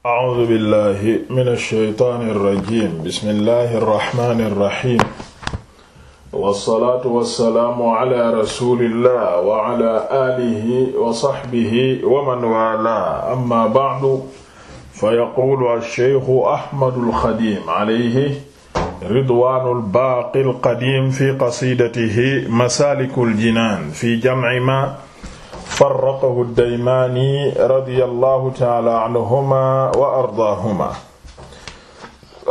A'uuzu billaahi mina shaytaani rajiim bismillaahi rahmaani rahiim. Wassalaatu wassalaamu alaa rasuulillaah wa alaa aalihi wa sahbihi wa man waalaahu ammaa ba'du fayaquulu ash-shaykhu Ahmadul Xadiim alayhi ridwaanul baaqil qadiim fi qasiidatihi Masaalikul Jinaan fi jam'i maa farraqahu ad-Daymaani radiyallahu ta'ala anhuma wa ardaahuma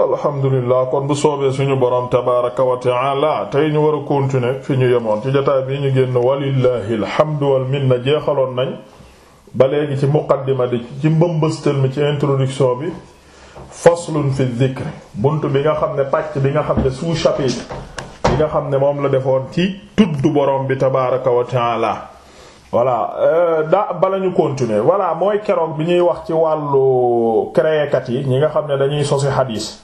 alhamdulillah kon bu soobee suñu boroom tabaaraka wa ta'ala tey ñu war a continuer fi ñu yemoon ci jotaay bi ñu génn walillahi alhamdu wal minna jeexaloon nañ ba léegi ci muqaddima di ci mbëmbëstal mi ci introduction bi faslun fi dhikr bunt bi nga xam ne pàcc bi nga xam ne sous-chapitre bi nga xam ne moom la defoon ci tudd boroom bi tabaaraka wa ta'ala voilà euh, da bala ñu continuer voilà mooy keroog bi ñuy wax ci wàllu créekat yi ñi nga xam ne dañuy sosi xadiis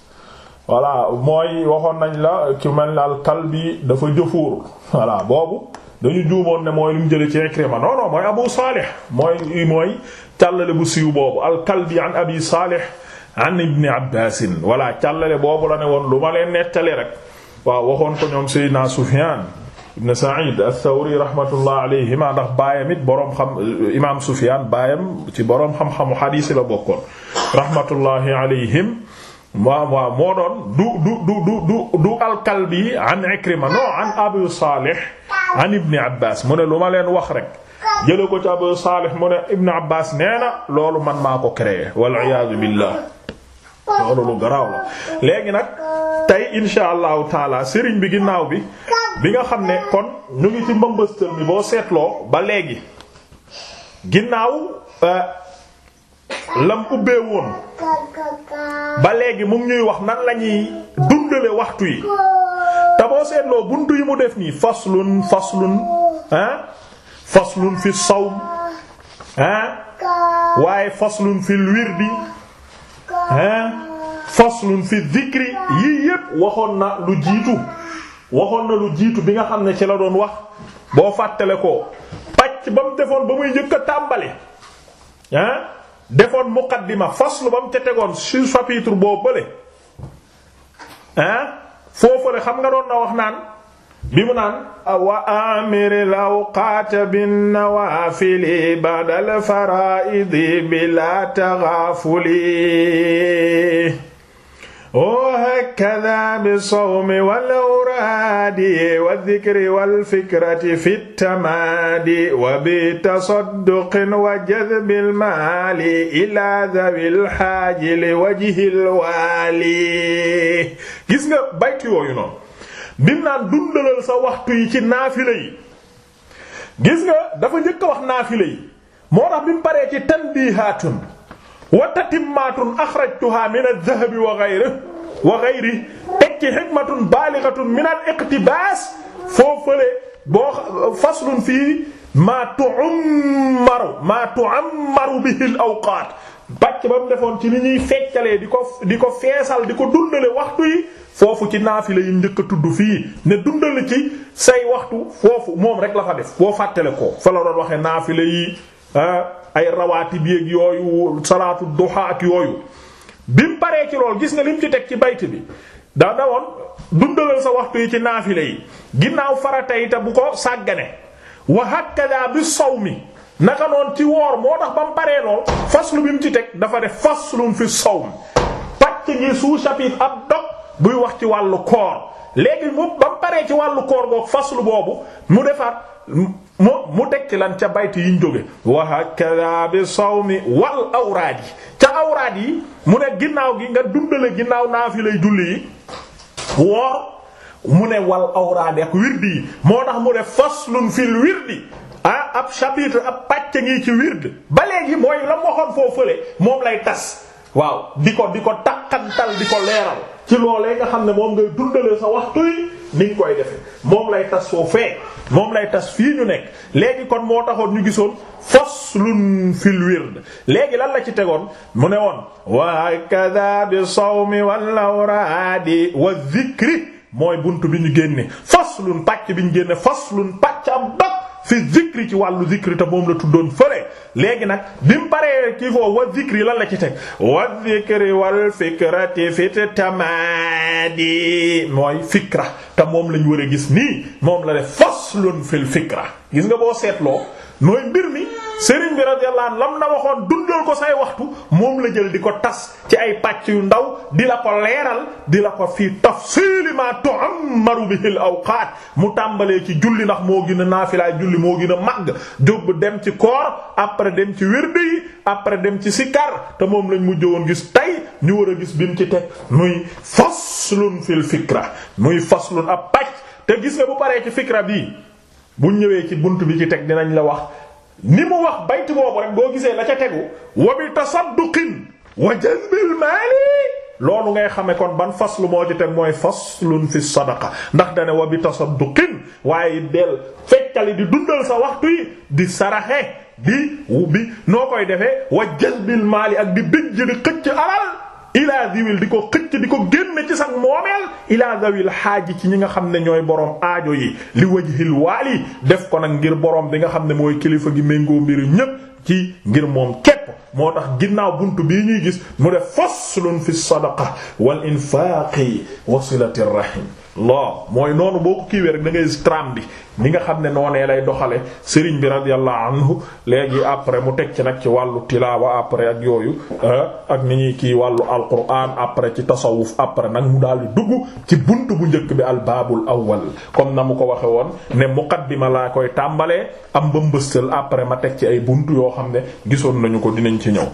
voilà mooy waxoon nañ la ki mel ne al-Kalbi dafa jëfuur voilà boobu dañu juumoon ne mooy lu mu jële ci Ikrima non mooy Abu Salih mooy mooy càllale bu siiw boobu al-Kalbi an Abi Salih an Ibn Abbas voilà càllale boobu la ne woon lu ma leen nettali rek waaw waxoon ko ñoom Seydina Sufyan ibn Sa'id ath-Thawri rahmatullah alayhima ndax baayam it boroom xam imaam Sufyaan baayam ci boroom xam-xamu xadiis la bokkoon rahmatullahi alayhim waaw waaw moo doon du du du du du du al-Kalbi an Ikrima non an Abu Salih an Ibn Abbas mu ne lu ma leen wax rek jële ko ci Abu Salih mu ne Ibn Abbas nee na loolu man maa ko créé wal iyaadu billah loolu lu garaaw la léegi nag tey insha allahu taala sëriñ bi ginnaaw bi bi nga xam ne kon ñu ngi ci mbambastal mi boo seetloo ba léegi ginnaaw euh, lam ubbee woon ba léegi mu ñuy wax nan lañuy dundale waxtu yi te boo seetloo bunt yi mu def nii faslun faslun ah faslun fi sow ah waaye faslun fil wirdi ah faslun fi dhikri yii yépp waxoon na lu jiitu waxoon na lu jiitu bi nga xam ne ci la doon wax boo fàttale ko pàcc ba mu defoon ba muy njëkk a tàmbali ah defoon muqaddima faslu ba mu ca tegoon su chapitre boo bële ah foofale xam nga doon na wax naan bi mu naan wa amiri lawqaata bin nawaafili badal faraidi bila taghafuli wa hakadha bi sawmi wal awraadi wa dhikri wal fikrati fit tamaadi wa bi tasadduqin wa jadhbil maali ila dhawil haaji li wajhil waali gis nga baytu yooyu noonu bim naan dundalal sa waxtu yi ci naafila yi gis nga dafa njëkk a wax naafila yi moo tax bi mu paree ci tanbihaatun wa tatimmatun akhrajtuha min adh-dhahabi wa ghayrihi wa ghayrihi teg ci hikmatun balighatun min al-iqtibas foofale boo faslun fii ma tu'ammaru ma tu'ammaru bi al-awqat bàcc ba mu defoon ci li ñuy feccalee di ko di ko feesal di ko dundale waxtu yi foofu ci naafila yi njëkk a tudd fii ne dundale ci say waxtu foofu moom rek la fa def boo fàttale ko fa la doon waxee naafila yi ah ay rawaatib yéeg yooyu salaatu duha yooyu bi mu paree ci lool gis nga lim ci teg ci bayt bi da dawoon dundalal sa waxtu yi ci naafile yi ginnaaw farata bu ko sàggane wa hakada bi sawmi naka noon ci woor moo tax ba mu paree lool faslu bi mu ci teg dafa def faslun fi sow pàcc gi sous-chapitre ab dog buy wax ci wàllu koor léegi mu ba mu paree ci wàllu koor googu faslu boobu mu defar moom mu teg ci lan ca bayt yi ñu jóge wa hakada bi sawmi wal awraad yi ca awraad yi mu ne ginnaaw gi nga dundale ginnaaw naafilay julli yi woor mu ne wal awraad ak wirdi yi moo tax mu ne faslun fil wirdi ah ab chapitre ab pàcc ngi ci wird ba léegi mooy la mu waxoon foo fële moom lay tas waaw di ko di ko takkantal di ko leeral ci loolee nga xam ne moom ngay dundale sa waxtu yi niñ koy defe moom lay tas foo fee moom lay tas fii ñu nekk léegi kon moo taxoon ñu gisoon faslun fil wird léegi lan la ci tegoon mu ne woon wa kadha bi sawmi wal awradi wa dhikri mooy bunt bi ñu génne faslun pàcc bi ñu génne faslun pàcc am dog fi zikri ci wàllu zikri te moom la tuddoon fële léegi nag bi mu paree kii foofu wa zikri lan la ci teg wa zikri wal fikrati fit tamadi mooy fikra te moom lañu wër a gis nii moom la def faslun fil fikra gis nga boo seetloo mooy mbir mi sëriñ bi radiyallahu anhu lam na waxoon dundal ko say waxtu moom la jël di ko tas ci ay pàcc yu ndaw di la ko leeral di la ko fii tafsiili ma tu'ammaru bihil awqaat mu tàmbalee ci julli ndax moo gin a naafilaay julli moo gin a màgg jóg dem ci koor après dem ci wirde yi après dem ci sikar te moom lañ mujj woon gis tey ñu war a gis bim ci teg muy faslun fil fikra muy faslun ab pàcc te gis nga bu paree ci fikra bii bu ñëwee ci bunt bi ci teg dinañ la wax ni mu wax baytu boobu rek boo gisee la ca tegu wa bi tasadduqin wa jazbil maali loolu ngay xame kon ban faslu moo ci teg mooy faslun fi sadaqa ndax dane wa bi tasadduqin waaye del feccali di dundal sa waxtu yi di saraxe di bi noo koy defee wa jazbil maali ak di bëj di xëcc alal ilaa diwil di ko xëcc di ko génne ci sax moomeel ilaa dawil xaaji ci ñi nga xam ne ñooy boroom aajo yi li wajhil waali def ko nag ngir borom bi nga xam ne mooy kilifa gi méngoo mbiri ñëpp ci ngir moom képp moo nax ginnaaw bunt bii ñuy gis mu def faslun fi sadaqa wal infaqi wa silati rahim loo mooy noonu boo ko kiiwee rek da ngay tram bi ni nga xam ne noonee lay doxale sëriñ bi radiyallahu anhu léegi après mu teg ci nag ci wàllu tilaawa après ak yooyu ah, ak ni ñuy kii wàllu alquran après ci tasawuf après nag mu daal di dugg ci bunt bu njëkk bi al baabul awwal comme na mu ko waxe woon ne muqaddima laa koy tàmbalee am ba mbëstal après ma teg ci ay bunt yoo xam ne gisoon nañu ko dinañ ci ñëw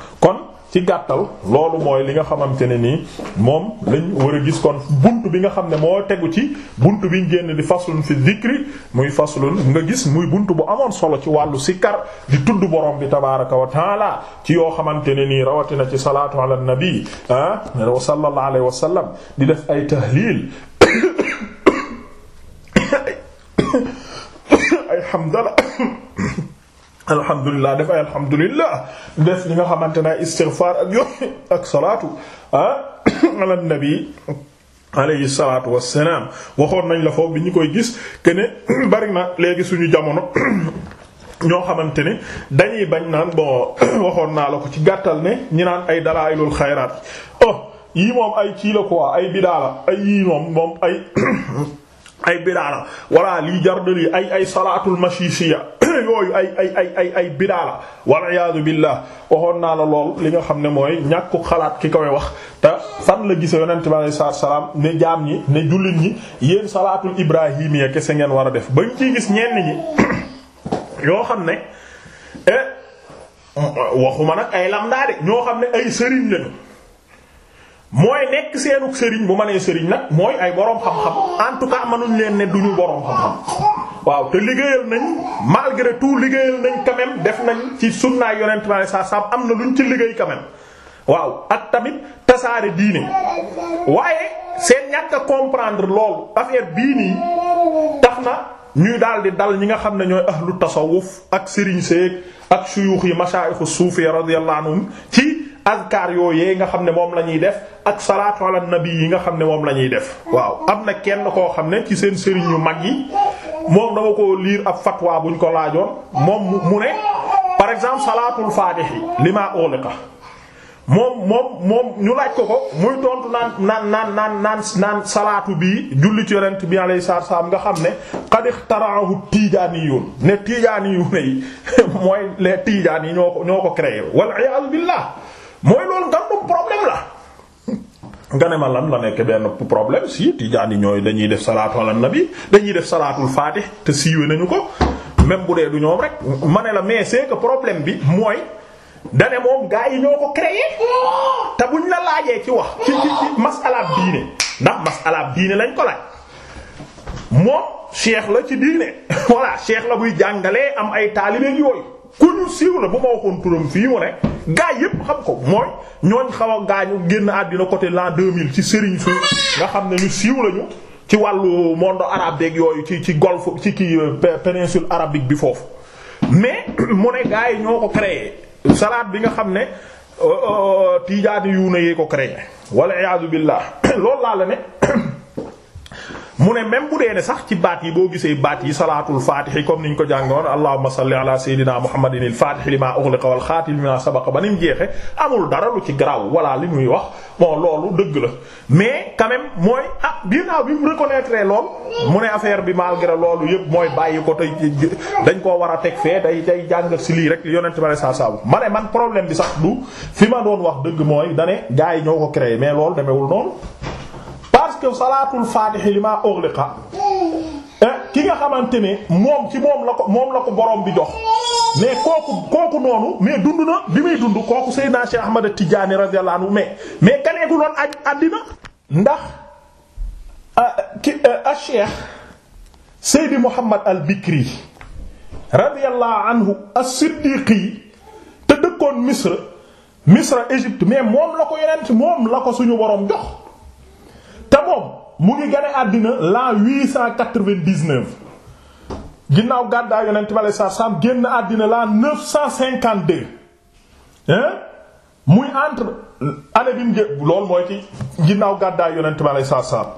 ci gàttal loolu mooy li nga xamante ne nii moom lañ war a gis kon bunt bi nga xam ne moo tegu ci bunt biñ génn di faslun fi dikri muy faslu nga gis muy bunt bu amoon solo ci wàllu sikkar di tudd borom bi tabaraka wa taala ci yoo xamante ne nii rawatina ci salaatu ala nabi ah sallallahu alayhi wa di def ay tahlil ay alhamdulilah def ay alhamdulilah def ñi nga xamante ne istighfar ak yo ak salaatu ah ala nabi alayhi salaatu wassalaam waxoon nañ la foofu bi ñu koy gis que ne bari na léegi suñu jamono. ñoo xamante ne dañuy bañ naan bon waxoon naa la ko ci gàttal ne ñi naan ay dalaa'ilul xayraat oh yii moom ay kii la quoi ay bidaa ay yii moom moom ay. ay bidaa la walla lii jar na ay ay salaatul mashisiya yooyu ay ay ay ay ay bidaa la waxoon naa la lool li nga xam ne mooy ñàkku xalaat ki koy wax te fan la gise yonent bi alayhi salaatu salaam ne jaam ñi ne jullit ñi yéen salaatul ibrahimiya kese ngeen war a def ba nga ciy gis ñenn ñi yoo xam ne eh, waxuma nag ay lamdaade ñoo xam ne ay sëriñ lañu mooy nekk seenu sëriñ bu ma nee sëriñ nag mooy ay boroom xam-xam en tout cas mënuñ leen ne duñu boroom xam-xam waaw te liggéeyal nañ malgré tout liggéeyal nañ quand def nañ ci sunnaay yonent ma sa saab am na lu ñu ci liggéey quand waaw ak tamit tasaare diine waaye seen ñàkk a comprendre loolu affaire bii nii tax na ñuy daal di dal ñi nga xam ne ñooy ahlu tasawuf ak sëriñ seek ak suyuux yi mashaayixu suufi radiyallahu anhum ci azkar yooyee nga xam ne moom la ñuy def ak salaatu ala nabi yi nga xam ne moom la ñuy def waaw am na kenn koo xam ne ci seen sëriñ yu mag yi moom dama ko liir ab fatwa buñ ko laajoon moom mu ne par exemple salaatul faatihi lima ughliqa moom moom moom ñu laaj ko ko muy tontu naan naan naan naan naan naan salaatu bii julli ci yonent bi alayhi saa salaam nga xam ne qad ixtaraahu tiijaaniyuun ne tiijaaniyuun yi mooy les tiijaan yi ñoo ko ñoo ko créé wal mooy lool ngandum problème la nga ne ma lan la nekk benn problème si tijaani ñooy dañuy def salaatu ala nabi dañuy def salaatul faatih te siiwee nañu ko même bu dee du ñoom rek ma la mais c'est que problème bi mooy dane moom gaa yi ñoo ko créé te buñ la laajee ci wax ci ci ci masalaab diine ndax masalaab diine lañ ko laaj moom cheikh la ci diine voilà cheikh la buy jàngalee am ay taalibe yooyu ku ñu siiw la bu ma waxoon turam fii mu ne gaa yépp xam ko mooy ñooñ xaw gaañu génn àddina côté l'an mille ci Serigne Fou nga xam ne ñu siiw lañu ci wàllu monde arabe beeg yooyu ci ci golfe ci ki euh, péninsule arabique bi foofu mais mu ne gaa yi ñoo ko créé salade bi nga xam ne euh, euh, tiijaat yu na yee ko créé wala iyaadu billah loolu laa la ne mu ne même bu dee ne sax ci baat yi boo gisee baat yi salaatul faatihi comme niñ ko jàngoon allahumma salli ala sayyidina muhammadin al-faatihi lima ughliqa wal xaatim lima sabaqa ba ni mu jeexe amul dara lu ci garaaw walla li muy wax bon loolu dëgg la mais quand même ah, bi mu reconnaître lool mu ne affaire bi malgré loolu yëpp mooy bàyyi ko te dañ koo war a teg fee day day jàng si lii rek yonent ba saa saabu ma ne man problème bi sax du fi ma doon wax dëgg mooy dane gaa yi ñoo ko créé mais loolu demewul noonu que salaatul faatixi li maa ughliqa eh, ki nga xamante ne moom ci moom la ko moom la ko borom bi jox mais kooku kooku noonu mais dund na bi may dund kooku Seydina Cheikh Ahmad Tidiane radiyallahu anhu mais mais kaneeku loon aj àddina ndax ah, ki a ah, ah, Cheikh Seydi Mouhamad al Bikri radiyallahu anhu as-Siddiqi te dëkkoon Misra Misra Égypte mais moom la ko yeneen moom la ko suñu borom jox mu ngi gane àddina l'an 899 ginnaaw gàddaay yonent bi alayhi salaam génn àddina l'an 952 hein muy entre année bi mu mooy ci ginnaaw gàddaay yonent bi alayhi salaam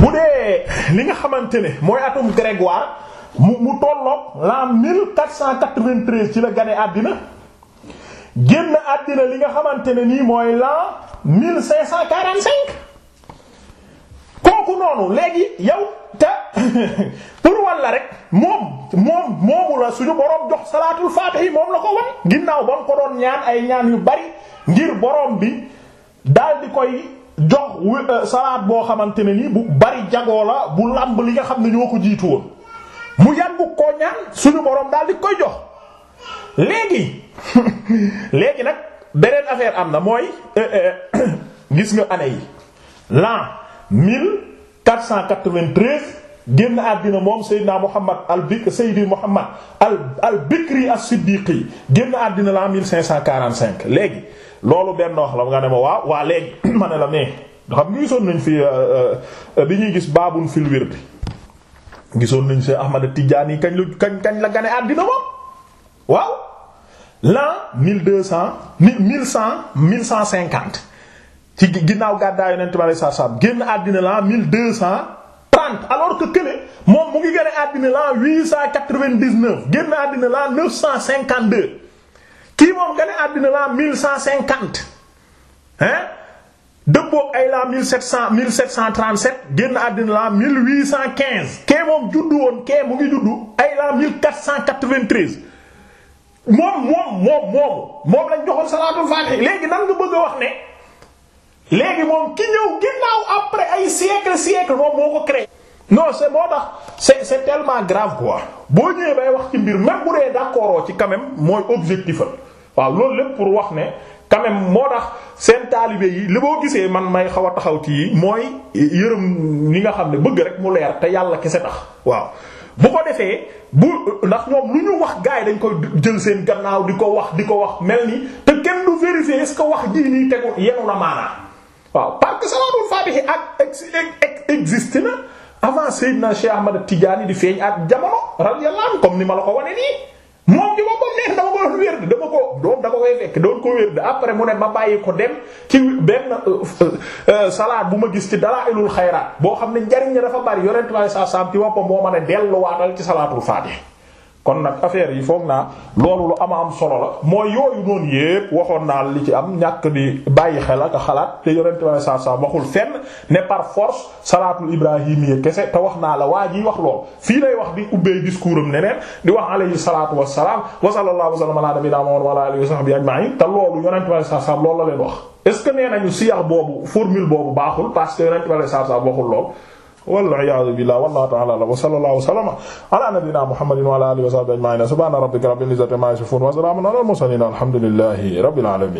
bu dee li nga xamante ne mooy atum grégoire mu mu tolloog l'an 1493 ci la gane àddina génn àddina li nga xamante ne nii mooy l'an 1545. kooku noonu léegi yow te pour walla rek moom moom moomu la suñu boroom jox salaatul faatihi moom la ko wan ginnaaw ba mu ko doon ñaan ay ñaan yu bari ngir boroom bi daal di koy jox euh, salaat boo xamante ne nii bu bari jagoo la bu làmb li nga xam ne ñoo ko jiitu woon mu yàgg koo ñaan suñu boroom daal di koy jox léegi léegi nag beneen affaire am na mooy euh, euh, gis nga année yi l'an mille 493 génn àddina moom Seydina Muhammad al Bik Seydi Muhammad al al Bikri as-Siddiqi génn àddina la 1545 léegi loolu benn wax la nga ne ma waaw waa léegi ma ne la mais xam nga gisoon nañ fi euh, euh, bi ñuy gis baabun fil wirdi gisoon nañ Seex Ahmad Tijaani kañ la kañ kañ la gane àddina moom waaw l'an 1200 1100 1150 ci ginnaaw gàddaay yonent bi alayhi salaam génn àddina la 1230 alors que kële moom mu ngi génne àddina la 899 génn àddina la 952 kii moom génne àddina la 1150 cent dëppoo ay la 1700 1737 génn àddina la 1815 kee moom juddu woon kee mu ngi juddu ay la 1493 moom moom moom moom moom lañ joxoon salaatul faatihi léegi nan nga bëgg a wax ne. léegi moom ki ñëw ginnaaw après ay siècle siècle moom moo ko créé. non c'est moo tax c'est c'est tellement grave quoi boo ñëwee bay wax ci mbir même bu dee d'accord ci quand même mooy objectif la waaw loolu lépp pour wax ne quand même moo tax seen taalibe yi li boo gisee man may xaw a taxaw ci yi mooy yërëm ñi nga xam ne bëgg rek mu leer te yàlla kese tax waaw. bu ko defee bu ndax ñoom lu ñu wax gars yi dañ koy jël seen gannaaw di ko wax di ko wax mel ni te kenn du vérifier wax ji nii tegu yenu na waaw parce que salaatul faatihi ak existé na avant Seydina Cheikh Ahmad Tidiane di feeñ ak jamono radiyallahu anhu comme ni ma la ko wane nii moom ji ma ko neex dama ko wér dama ko doon dama koy fekk doon ko wér après mu ne ma bàyyi ko dem ci benn euh, euh, salaat bu ma gis ci dalaa'ilul xayraat boo xam ne njariñ la dafa bari yonent bi a alayhi wasallam ci boppam moo mën a delluwaatal ci salaatul faatihi kon nag affaire yi foog naa loolu lu ama am solo la mooy yooyu noonu yépp waxoon naa li ci am ñàkk di bàyyi xel ak xalaat te yonent bi saa saa waxul fenn ne par force salaatul ibrahimiyya kese te wax naa la waa ji wax lool fii lay wax di ubbee discours am neneen di wax alayhi salaatu wassalaam wa sallallahu wa sallama ala nabiyyina Muhammad wa ala alihi wa sahbihi ajma'in te loolu yonent bi saa saa loolu la leen wax. est ce que nee nañu siyax boobu formule boobu baaxul parce saa saa waxul wal iyaadu billaah wallahu ta'ala wa sallallahu sallama ala nabiyyina muhammadin wa ala alihi wa sahbihi ajma'in subhana rabbika rabbil izzati amma yasifun wa salamun ala al mursalin alhamdulillahi rabbil alamin